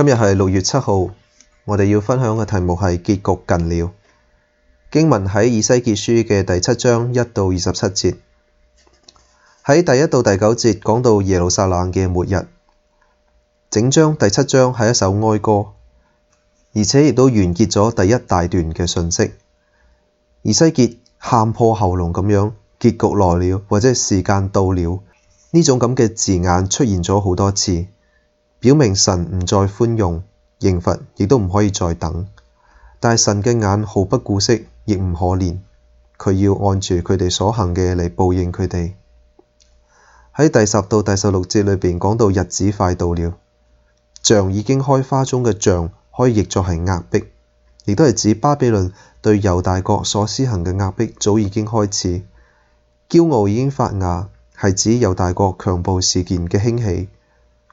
今日係六月七號，我哋要分享嘅題目係結局近了。經文喺以西結書嘅第七章一到二十七節，喺第一到第九節講到耶路撒冷嘅末日。整章第七章係一首哀歌，而且亦都完結咗第一大段嘅信息。以西結喊破喉嚨咁樣，結局來了，或者時間到了，呢種咁嘅字眼出現咗好多次。表明神唔再寬容，刑罰亦都唔可以再等。但係神嘅眼毫不顧惜，亦唔可憐，佢要按住佢哋所行嘅嚟報應佢哋。喺第十到第十六節裏邊講到日子快到了，象已經開花中嘅象，可以譯作係壓迫，亦都係指巴比倫對猶大國所施行嘅壓迫早已經開始。驕傲已經發芽，係指猶大國強暴事件嘅興起。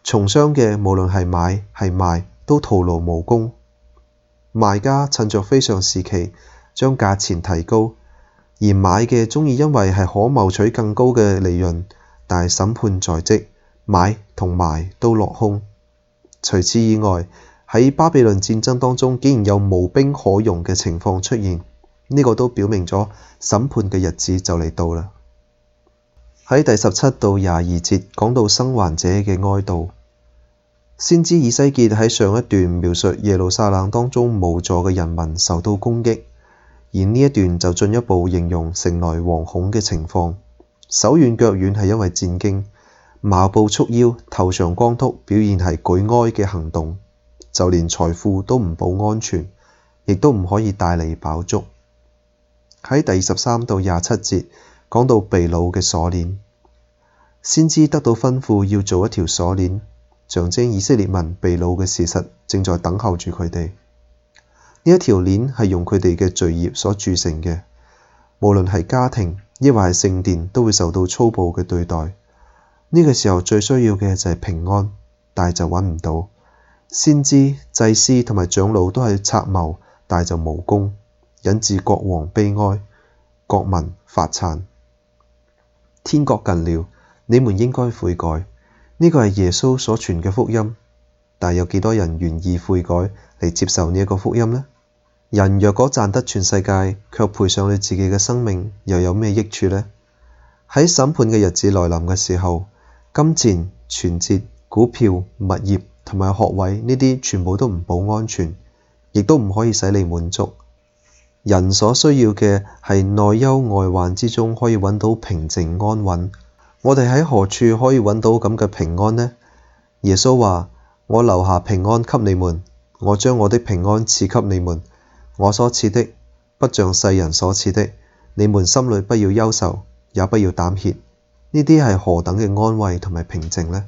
重商嘅無論係買係賣都徒勞無功，賣家趁着非常時期將價錢提高，而買嘅鍾意，因為係可謀取更高嘅利潤，但係審判在即，買同賣都落空。除此以外，喺巴比倫戰爭當中竟然有無兵可用嘅情況出現，呢個都表明咗審判嘅日子就嚟到啦。喺第十七到廿二節講到生還者嘅哀悼，先知以西結喺上一段描述耶路撒冷當中無助嘅人民受到攻擊，而呢一段就進一步形容城內惶恐嘅情況，手軟腳軟係因為戰驚，馬步束腰，頭上光禿，表現係舉哀嘅行動，就連財富都唔保安全，亦都唔可以大嚟飽足。喺第十三到廿七節。講到被擄嘅鎖鏈，先知得到吩咐要做一條鎖鏈，象徵以色列民被擄嘅事實正在等候住佢哋。呢一條鏈係用佢哋嘅罪孽所鑄成嘅，無論係家庭抑或係聖殿，都會受到粗暴嘅對待。呢、這個時候最需要嘅就係平安，但係就搵唔到。先知祭司同埋長老都係策謀，但係就無功，引致國王悲哀，國民發顫。天國近了，你們應該悔改。呢個係耶穌所傳嘅福音，但有幾多人願意悔改嚟接受呢一個福音呢？人若果賺得全世界，卻賠上了自己嘅生命，又有咩益處呢？喺審判嘅日子來臨嘅時候，金錢、存摺、股票、物業同埋學位呢啲，全部都唔保安全，亦都唔可以使你滿足。人所需要嘅係內憂外患之中可以搵到平靜安穩。我哋喺何處可以搵到咁嘅平安呢？耶穌話：我留下平安給你們，我將我的平安賜給你們，我所賜的不像世人所賜的。你們心裏不要憂愁，也不要膽怯。呢啲係何等嘅安慰同埋平靜呢？